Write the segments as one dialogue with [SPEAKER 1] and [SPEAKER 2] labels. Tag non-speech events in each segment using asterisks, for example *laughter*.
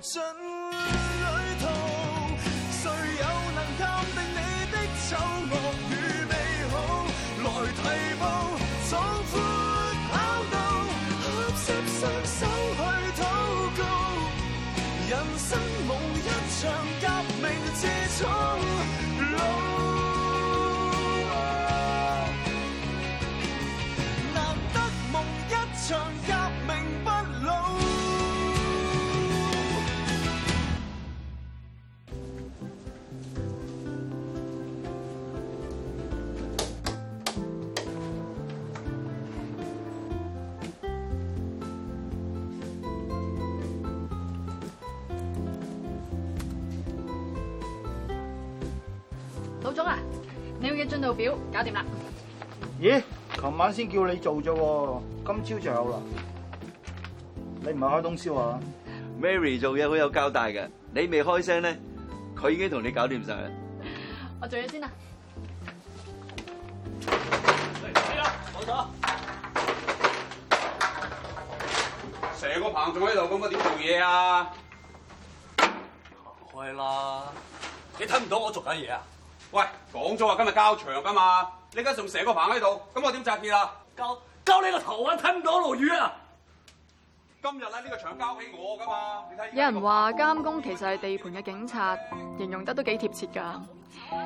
[SPEAKER 1] 真。
[SPEAKER 2] 老總啊，
[SPEAKER 3] 你要嘅進度表搞掂啦。
[SPEAKER 1] 咦，琴晚先叫你做啫，今朝就有啦。你唔係開通宵啊
[SPEAKER 3] ？Mary 做嘢好有交代嘅，你未開聲咧，佢已經同你搞掂晒啦。
[SPEAKER 2] 我做嘢先啦。嚟
[SPEAKER 4] 啲啦，冇手。成個棚仲喺度咁啊，我點做嘢啊？行開啦！你睇唔到我做緊嘢啊？喂，講咗話今日交場㗎嘛救？你而家仲成個棚喺度，咁我點紮鐵啊？交交你個頭啊！睇唔到落雨啊！今日咧呢個場交畀我㗎嘛？你睇。有
[SPEAKER 2] 人話監工其實係地盤嘅警察，形容得都幾貼切㗎。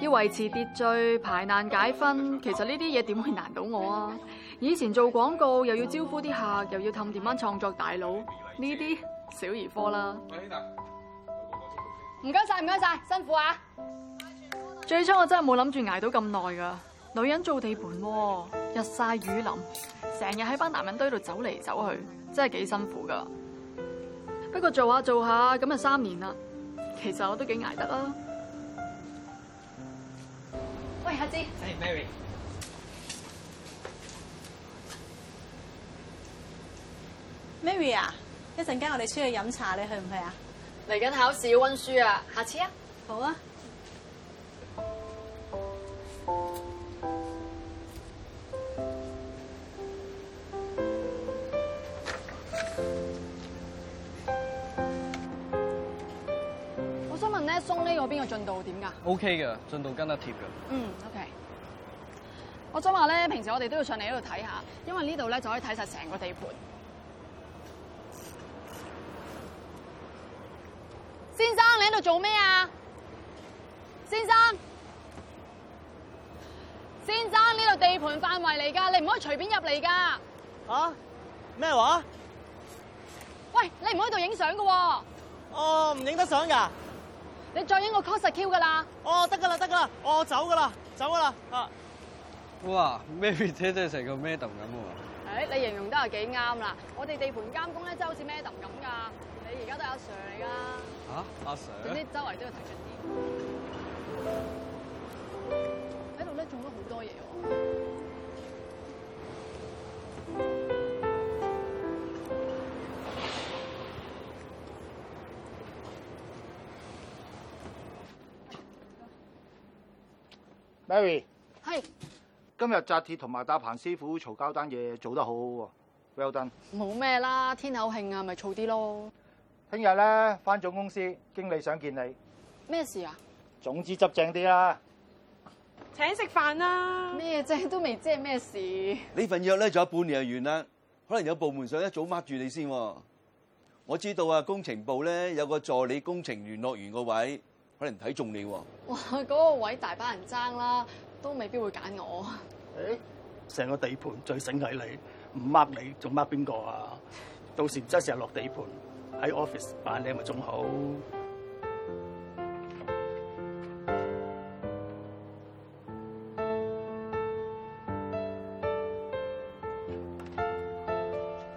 [SPEAKER 2] 要維持秩序、排難解紛，其實呢啲嘢點會難到我啊？以前做廣告又要招呼啲客，又要氹掂返創作大佬，呢啲小兒科啦。唔該晒，唔該晒，辛苦啊！最初我真係冇諗住挨到咁耐噶，女人做地盤，日曬雨淋，成日喺班男人堆度走嚟走去，真係幾辛苦噶。不過做下做下，咁啊三年啦，其實我都幾挨得啦。喂，夏姐。哎，Mary。Mary 啊，一陣間我哋出去飲茶，你去唔去啊？嚟緊考試要溫書啊，下次啊。好啊。邊個進度點噶
[SPEAKER 3] ？OK 嘅，進度跟得貼嘅。嗯
[SPEAKER 2] ，OK。我想話咧，平時我哋都要上嚟呢度睇下，因為呢度咧就可以睇晒成個地盤。先生，你喺度做咩啊？先生，先生，呢度地盤範圍嚟噶，你唔可以隨便入嚟噶。啊？咩話？喂，你唔可以度影相噶。哦，
[SPEAKER 1] 唔影得相噶。
[SPEAKER 2] 你再影個 close-up 照噶啦。哦，得噶啦，得噶啦，哦，走噶啦，走噶啦啊！
[SPEAKER 3] 哇，May 姐真係成個 madam 咁喎！
[SPEAKER 2] 誒，你形容得又幾啱啦！我哋地盤監工咧，真係好似 madam 咁噶，你而家都阿 Sir 嚟啦吓？
[SPEAKER 3] 阿 Sir，總之周圍都要睇緊
[SPEAKER 2] 啲，喺度咧種咗好多嘢喎。
[SPEAKER 1] Mary，Mary ,係是今日紮鐵同埋搭棚師傅嘈交單嘢做得好喎。Well done，
[SPEAKER 2] 冇咩啦，天口慶啊，咪嘈啲咯。
[SPEAKER 1] 聽日咧返總公司，經理想見你，
[SPEAKER 2] 咩事啊？
[SPEAKER 1] 總之執正啲啦，
[SPEAKER 2] 請食飯啦。咩啫？都未知係咩事。
[SPEAKER 3] 呢份約咧仲有半年就完啦，可能有部門想一早 mark 住你先。我知道啊，工程部咧有個助理工程聯絡員嗰位。可能睇中你喎！
[SPEAKER 2] 哇，嗰個位大班人爭啦，都未必會揀我。
[SPEAKER 3] 誒，成個地盤最醒
[SPEAKER 1] 係你，唔 mark 你，仲 mark 邊個啊？到時唔使成日落地盤喺 office
[SPEAKER 4] 扮靚咪仲好。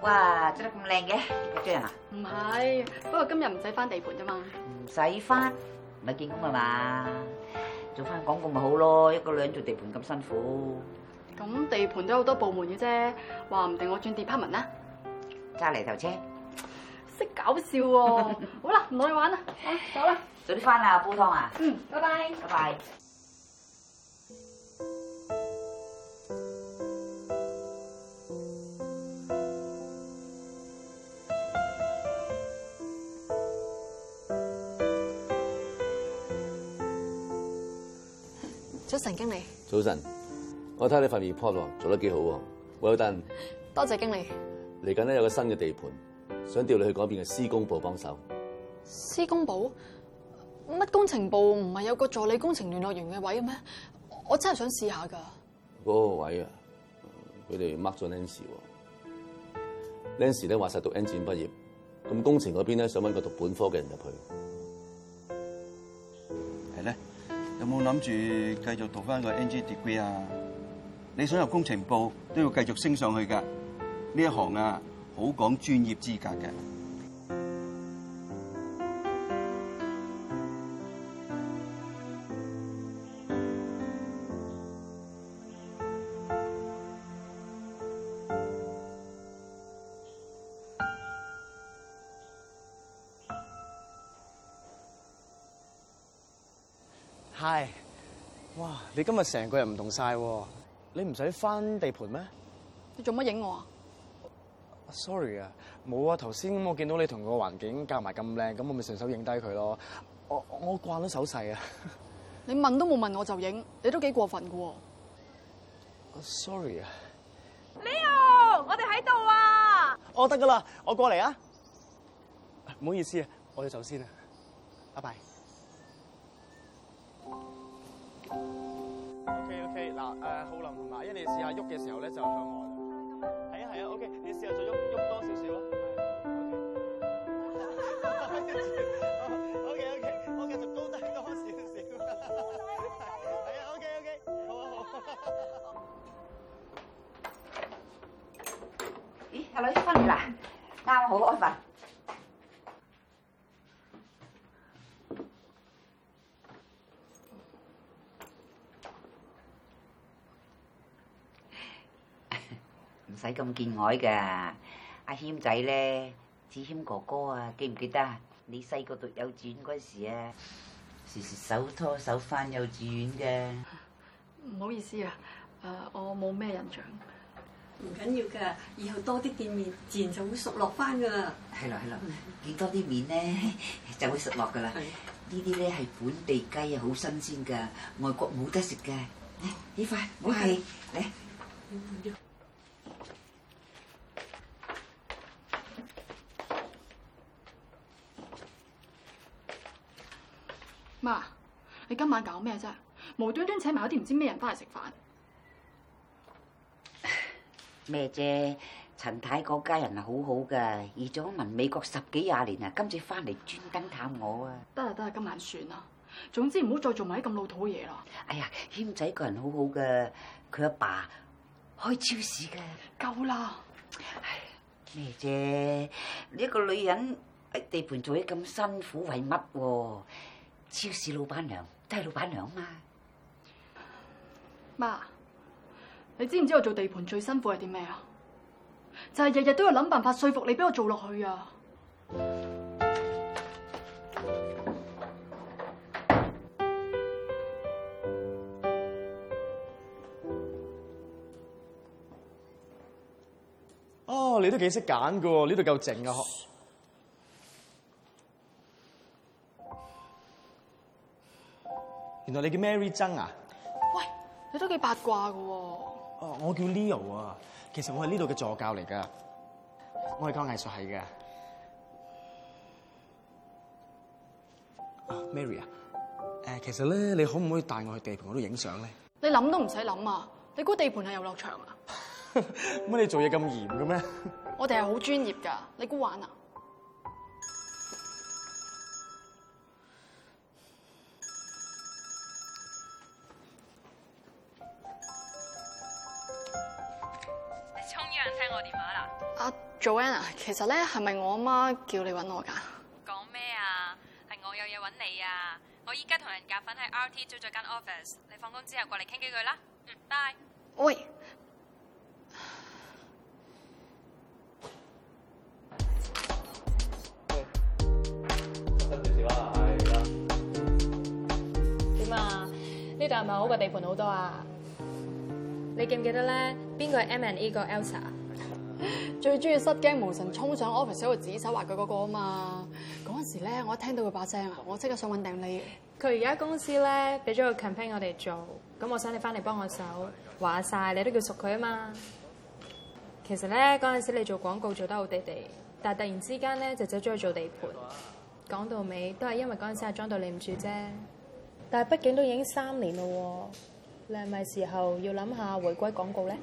[SPEAKER 2] 哇，做得咁靚嘅，
[SPEAKER 5] 僕人
[SPEAKER 2] 啊？唔係，不過今日唔使翻地盤啫嘛，
[SPEAKER 5] 唔使翻。唔係見工啊嘛，做翻廣告咪好咯，一個女人做地盤咁辛苦。
[SPEAKER 2] 咁地盤都好多部門嘅啫，話唔定我轉 department 啦，揸泥頭車。識搞笑喎，好啦，唔攞你玩啦，唉，走啦，早啲翻啦，煲湯啊。嗯，拜拜。拜拜。
[SPEAKER 3] 早晨，我睇你份 report 做得幾好喎，well done。多謝經理。嚟緊咧有個新嘅地盤，想調你去嗰邊嘅施工部幫
[SPEAKER 4] 手。
[SPEAKER 2] 施工部？乜工程部唔係有個助理工程聯絡員嘅位嘅咩？我真係想試下㗎。嗰
[SPEAKER 4] 個位啊，佢哋 mark
[SPEAKER 3] 咗 Nancy，Nancy 咧話曬讀 engine 畢業，咁工程嗰邊咧想揾個讀本科嘅人入去。有冇諗住繼續讀返個 NG degree 啊？你想入工程部，都要繼續升上去噶。呢一行啊，好講專業資格嘅。
[SPEAKER 1] 今日成個人唔同晒，你唔使返地盤咩？你做乜影我啊？Oh,Sorry 啊，冇啊，頭先我見到你同個環境夾埋咁靚，咁我咪順手影低佢咯。我我，我慣咗手勢啊。
[SPEAKER 2] *laughs* 你問都冇問我就影，你都幾過分噶喎。
[SPEAKER 1] Oh, sorry Leo，啊。
[SPEAKER 2] Leo，我哋喺度啊。
[SPEAKER 1] 哦，得噶啦，我過嚟啊。唔好意思啊，我哋走先啊。拜拜。 *noise* O K，嗱，誒、okay, uh, okay?，浩林同埋，因為你試下喐嘅時候咧，就向外。係啊係啊，O K，你試下再喐喐多少少囉。O K O K，我繼續高低多少少。係啊，O K O K，好啊好啊
[SPEAKER 5] 咦，阿女返嚟啦，啱好安份。唔使咁見外嘅，阿謙仔咧，子謙哥哥啊，記唔記得啊？你細個讀幼稚園嗰時啊，時時手拖手翻幼稚園嘅。
[SPEAKER 2] 唔好意思啊，誒，我冇咩印象。唔緊要嘅，以後多啲見面，自然就會熟落翻噶啦。係啦係啦，
[SPEAKER 5] 見多啲面咧就會熟落噶啦。呢啲咧係本地雞啊，好新鮮噶，外國冇得食嘅。呢塊，唔該，嚟。
[SPEAKER 2] 媽，你今晚搞咩啫？無端端請埋我啲唔知咩人翻嚟食飯？
[SPEAKER 5] 咩啫？陳太嗰家人啊，好好噶，移咗民美國十幾廿年啊，今次翻嚟專登探我啊！
[SPEAKER 2] 得啦得啦，今晚算啦。總之唔好再做埋啲咁老土嘅嘢啦。
[SPEAKER 5] 哎呀，謙仔個人好好噶，佢阿爸
[SPEAKER 2] 開超市噶。夠啦！
[SPEAKER 5] 咩啫？你一個女人喺地盤做嘢咁辛苦，為乜喎？超市老闆娘都係老闆娘
[SPEAKER 2] 嘛，媽，你知唔知我做地盤最辛苦係啲咩啊？就係日日都要諗辦法說服你俾我做落去啊！
[SPEAKER 1] 哦，你都幾識揀噶，呢度夠靜啊！原來你叫 Mary 曾啊？
[SPEAKER 2] 喂，你都幾八卦㗎喎。哦！
[SPEAKER 1] 哦，我叫 Leo 啊，其實我係呢度嘅助教嚟㗎，我係教藝術系嘅。哦。Mary 啊，誒、呃，其實咧，你可唔可以帶我去地盤嗰度影相咧？呢
[SPEAKER 2] 你諗都唔使諗啊！你估地盤係遊樂場啊？
[SPEAKER 1] 乜 *laughs* 你做嘢咁嚴嘅咩？
[SPEAKER 2] *laughs* 我哋係好專業㗎，你估玩啊？Joanna，其實咧係咪我阿媽叫你揾我噶？講咩啊？係我有嘢揾你啊！我依家同人夾份喺 RT 租咗間 office，你放工之後過嚟傾幾句啦。嗯，bye。喂，
[SPEAKER 1] 點啊喂？
[SPEAKER 2] 呢度係咪好過地盤好多啊？你記唔記得咧？邊個 M and A 個 Elsa？ *laughs* 最中意失驚無神衝上 office 喺度指手畫腳嗰個啊嘛！嗰陣時咧，我一聽到佢把聲，我即刻想揾定你。佢而家公司咧俾咗個 campaign 我哋做，咁我想你翻嚟幫我手。話晒你都叫熟佢啊嘛！其實咧嗰陣時你做廣告做得好地地，但係突然之間咧，姐姐中意做地盤。講到尾都係因為嗰陣時阿莊對你唔住啫。但係畢竟都已經三年咯喎，你係咪時候要諗下回歸廣告咧？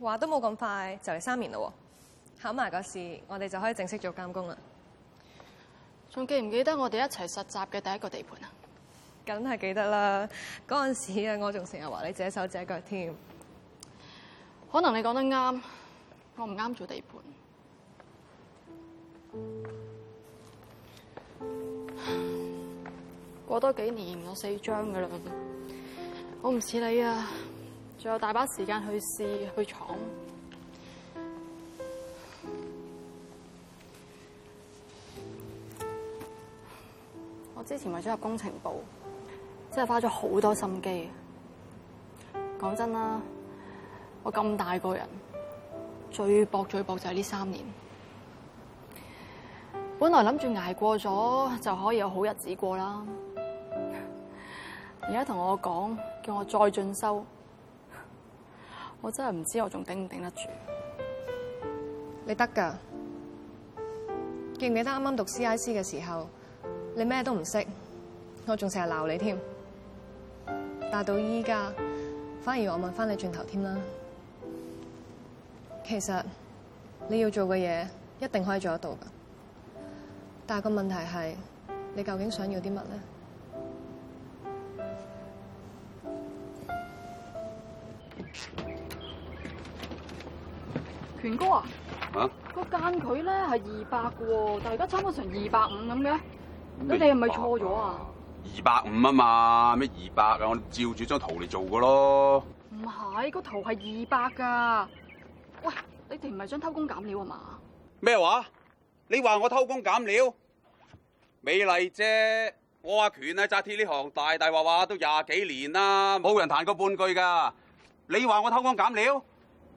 [SPEAKER 2] 話都冇咁快，就嚟三年咯，考埋個試，我哋就可以正式做監工啦。仲記唔記得我哋一齊實習嘅第一個地盤啊？梗係記得啦，嗰陣時啊，我仲成日話你姐手姐腳添。可能你講得啱，我唔啱做地盤。過多幾年，我四張噶
[SPEAKER 1] 啦，
[SPEAKER 2] 我唔似你啊。仲有大把時間去試去闖。我之前為咗入工程部，真係花咗好多心機。講真啦，我咁大個人，最搏最搏就係呢三年。本來諗住捱過咗就可以有好日子過啦，而家同我講叫我再進修。我真係唔知我仲頂唔頂得住。你得噶？記唔記得啱啱讀 C.I.C. 嘅時候，你咩都唔識，我仲成日鬧你添。但到依家，反而我問翻你轉頭添啦。其實你要做嘅嘢，一定可以做得到噶。但係個問題係，你究竟想要啲乜咧？ *noise* 權哥啊，個間距咧係二百嘅，但而家差唔多成二百五咁嘅，你哋係咪錯咗啊？
[SPEAKER 4] 二百五啊嘛，咩二百啊？我照住張圖嚟做嘅咯。唔
[SPEAKER 2] 係，個圖係二百噶。喂，你哋唔係想偷工減料啊嘛？
[SPEAKER 4] 咩話？你話我偷工減料？美麗姐，我阿權啊紮鐵呢行大大話話都廿幾年啦，冇人彈過半句噶。你話我偷工減料？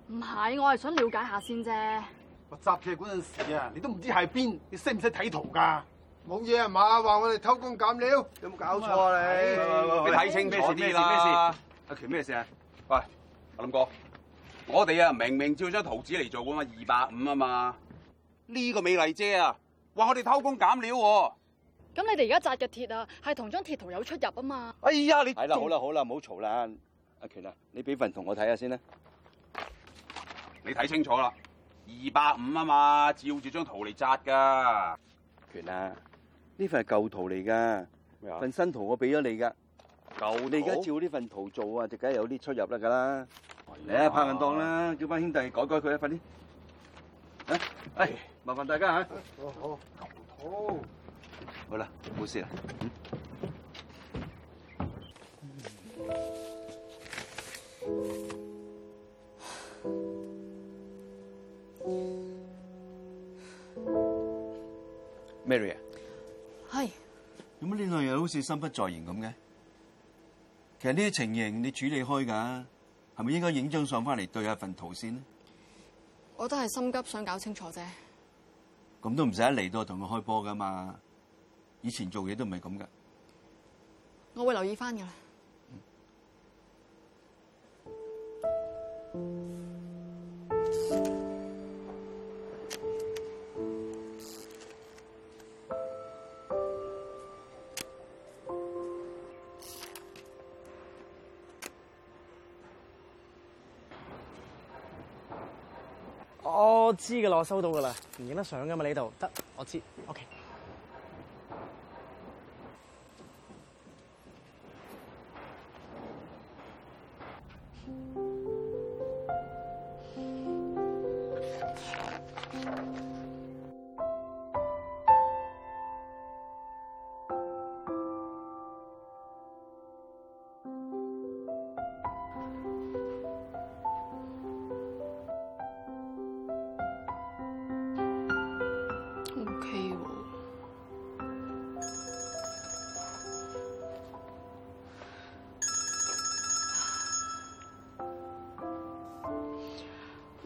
[SPEAKER 2] 唔係，我係想了解下先啫。
[SPEAKER 4] 我紮鐵嗰陣時啊，哎哎哎、你都唔知喺邊，你識唔識睇圖噶？冇嘢啊嘛，話我哋偷工減料，有冇搞錯啊你？你睇清楚啲啦。阿權，咩事啊？喂，阿林哥，我哋啊明明照張圖紙嚟做噶嘛，二百五啊嘛。呢、這個美麗姐啊，話我哋偷工減料。
[SPEAKER 2] 咁你哋而家紮嘅鐵啊，係同張鐵圖有出入啊嘛。
[SPEAKER 4] 哎呀、哎，你係啦、哎，好啦，
[SPEAKER 3] 好啦，唔好嘈啦。阿權啊，你俾份同我睇下先啦。
[SPEAKER 4] 你睇清楚啦，二百五啊嘛，照住張圖嚟扎噶。權啊，
[SPEAKER 3] 呢份係舊圖嚟噶，份麼新圖我俾咗你噶。
[SPEAKER 4] 舊土你而家
[SPEAKER 3] 照呢份圖做啊，就梗係有啲出入啦噶啦。
[SPEAKER 4] 嚟是啊，拍硬檔啦，
[SPEAKER 3] 叫班兄弟改改佢一份啲。啊，哎，麻煩大家吓。土好好好。好啦，冇事啦。Maria，係，有乜呢樣嘢好似心不在焉咁嘅？其實呢啲情形你處理開噶，係咪應該影張相翻嚟對下份圖先？
[SPEAKER 2] 我都係心急想搞清楚啫。
[SPEAKER 3] 咁都唔使一嚟到同佢開波噶嘛？以前做嘢都唔係咁噶。
[SPEAKER 2] 我會留意翻噶啦。 *music*
[SPEAKER 1] 知㗎啦，我收到㗎啦，唔影得相㗎嘛呢度。得，我知，OK。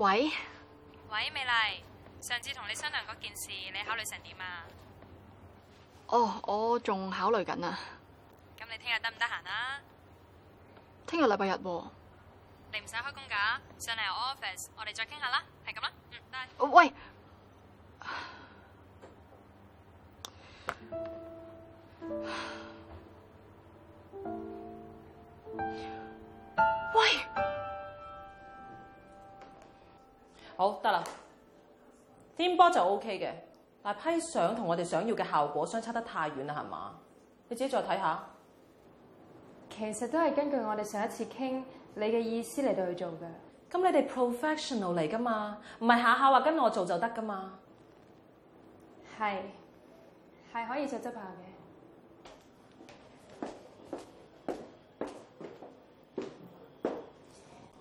[SPEAKER 2] 喂，喂，美麗，上次同你商量嗰件事，你考慮成點啊？哦，我仲考慮緊啊。咁你聽日得唔得閒啊？聽日禮拜日，你唔使開工噶，上嚟我 office，我哋再傾下啦，係咁啦，嗯，拜拜。喂。 *laughs* 好得啦，Theme board 就 OK 嘅，但批相同我哋想要嘅效果相差得太遠啦，係嘛？你自己再睇下，其實都係根據我哋上一次傾你嘅意思嚟到去做嘅。咁你哋 professional 嚟噶嘛？唔係下下話跟我做就得噶嘛？係，係可以執下嘅。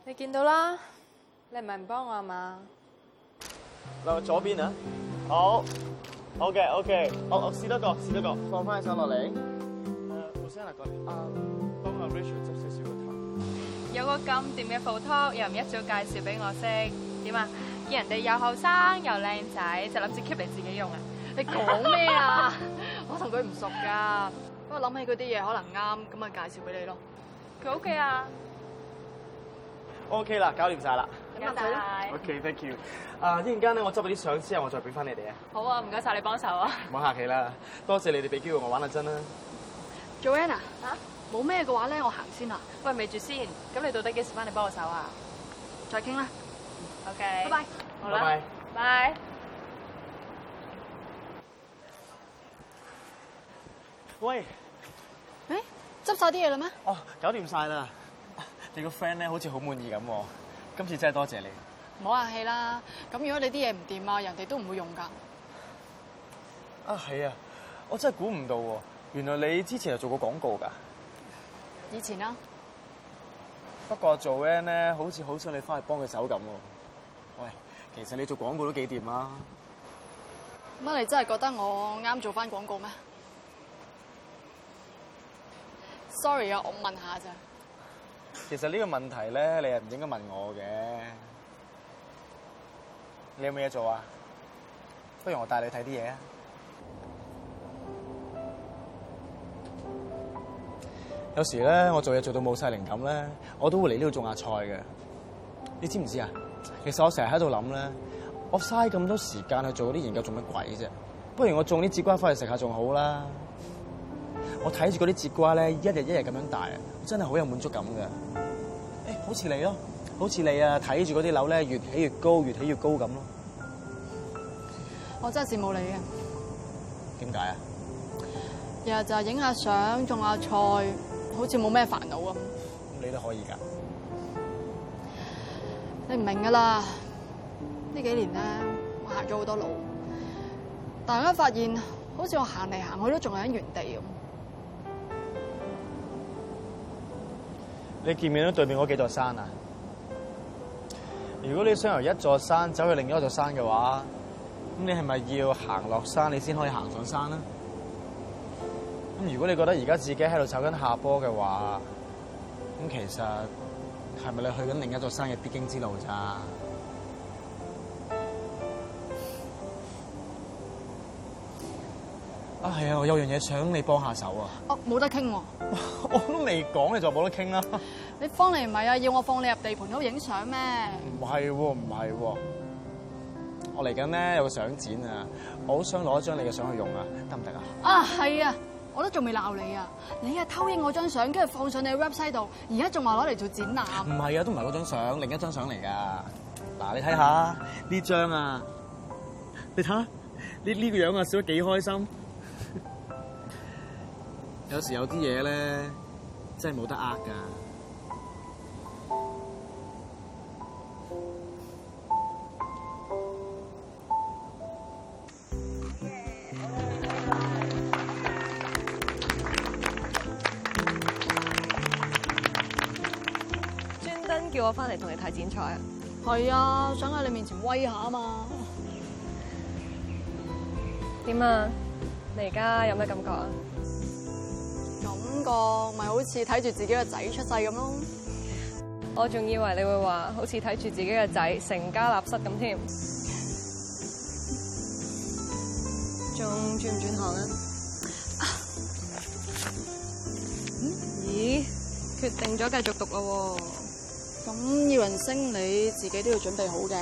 [SPEAKER 2] 你見到啦。你唔係唔幫我啊嘛？
[SPEAKER 1] 嗱，我左邊啊，好，O K O K，我我試多個，試多個，放翻上落嚟。誒，好聲啊，哥。啊，幫阿 Richard 執少少嘅
[SPEAKER 2] 糖。有個咁掂嘅鋪托，又唔一早介紹俾我識，點啊？見人哋又後生又靚仔，就諗住 keep 嚟自己用啊！你講咩啊？ *laughs* 我同佢唔熟噶，不過諗起嗰啲嘢，可能啱，咁咪介紹俾你咯。佢 OK 啊
[SPEAKER 1] ？O K 啦，搞掂晒啦。
[SPEAKER 2] 咁
[SPEAKER 1] 大 OK，thank、okay, you。啊，一陣間咧，我執咗啲相之後，我再俾翻你哋啊。好
[SPEAKER 2] 啊，唔該晒你幫手啊。
[SPEAKER 1] 唔好 *laughs* 客氣啦，多謝你哋俾機會我玩得真啦。
[SPEAKER 2] Joan 啊，嚇、啊，冇咩嘅話咧，我行先啦。喂，咪住先，咁你到底幾時翻嚟幫我手啊？再傾啦。OK，拜拜。好啦。拜。
[SPEAKER 3] 拜。
[SPEAKER 1] 喂？誒、欸，執晒啲嘢啦咩？哦，搞掂晒啦。你個 friend 咧，好似好滿意咁喎。今次真係多謝你，
[SPEAKER 2] 唔好客氣啦。咁如果你啲嘢唔掂啊，人哋都唔會用噶。
[SPEAKER 1] 啊係啊，我真係估唔到喎，原來你之前有做過廣告噶。
[SPEAKER 2] 以前啊，
[SPEAKER 1] 不過做 Joan 咧，好似好想你翻去幫佢手咁喎。喂，其實你做廣告都幾掂啊。
[SPEAKER 2] 乜你真係覺得我啱做翻廣告咩？Sorry 啊，我問下咋。
[SPEAKER 1] 其實呢個問題呢，你又唔應該問我嘅。你有冇嘢做啊？不如我帶你睇啲嘢啊！有時呢，我做嘢做到冇晒靈感呢，我都會嚟呢度種下菜嘅。你知唔知啊？其實我成日喺度諗呢，我嘥咁多時間去做啲研究做乜鬼啫？不如我種啲節瓜翻去食下仲好啦。我睇住嗰啲節瓜咧，一日一日咁樣大啊，真係好有滿足感噶！誒、欸，好似你咯，好似你啊，睇住嗰啲樓咧，越起越高，越起越高咁咯。
[SPEAKER 2] 我真係羨慕你嘅。
[SPEAKER 1] 點解啊？
[SPEAKER 2] 日日就係影下相，種下菜，好似冇咩煩惱
[SPEAKER 1] 咁。你都可以㗎，
[SPEAKER 2] 你唔明㗎啦。呢幾年咧，我行咗好多路，但我發現好似我行嚟行去都仲係喺原地咁。
[SPEAKER 1] 你見唔見到對面嗰幾座山啊？如果你想由一座山走去另一座山嘅話，咁你係咪要行落山你先可以行上山咧？咁如果你覺得而家自己喺度走緊下坡嘅話，咁其實係咪你去緊另一座山嘅必經之路咋？啊，係啊！我有樣嘢想你幫下手啊。哦、
[SPEAKER 2] 啊，冇得傾喎、
[SPEAKER 1] 啊。我都未講，你就冇得傾啦、
[SPEAKER 2] 啊。你幫你唔係啊？要我放你入地盤度影相咩？
[SPEAKER 1] 唔係喎，唔係喎。我嚟緊咧有個相展啊，我好想攞一張你嘅相去用啊，得唔得啊？
[SPEAKER 2] 啊，係啊，我都仲未鬧你啊。你啊偷影我張相，跟住放上你嘅 website 度，而家仲話攞嚟做展覽。
[SPEAKER 1] 唔係啊，啊，都唔係嗰張相，另一張相嚟噶。嗱，你睇下呢張啊，你睇下呢呢個樣啊，笑得幾開心。有時有啲嘢咧，真係冇得呃噶。
[SPEAKER 2] 專登叫我翻嚟同你睇剪彩啊！係啊，想喺你面前威下啊嘛。點啊？你而家有咩感覺啊？感覺咪好似睇住自己個仔出世咁咯。我仲以為你會話好似睇住自己個仔成家立室咁添，仲轉唔轉行呢？ *laughs* 咦？決定咗繼續讀喇喎。咁要人升你自己都要準備好嘅。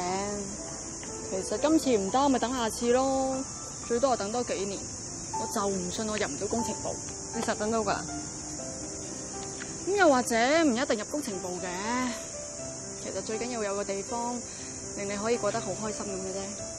[SPEAKER 2] 其實今次唔得，咪等下次咯。最多係等多幾年。我就唔信我入唔到工程部，你實等到噶啦。咁又或者唔一定入工程部嘅，其實最緊要有個地方令你可以過得好開心咁嘅啫。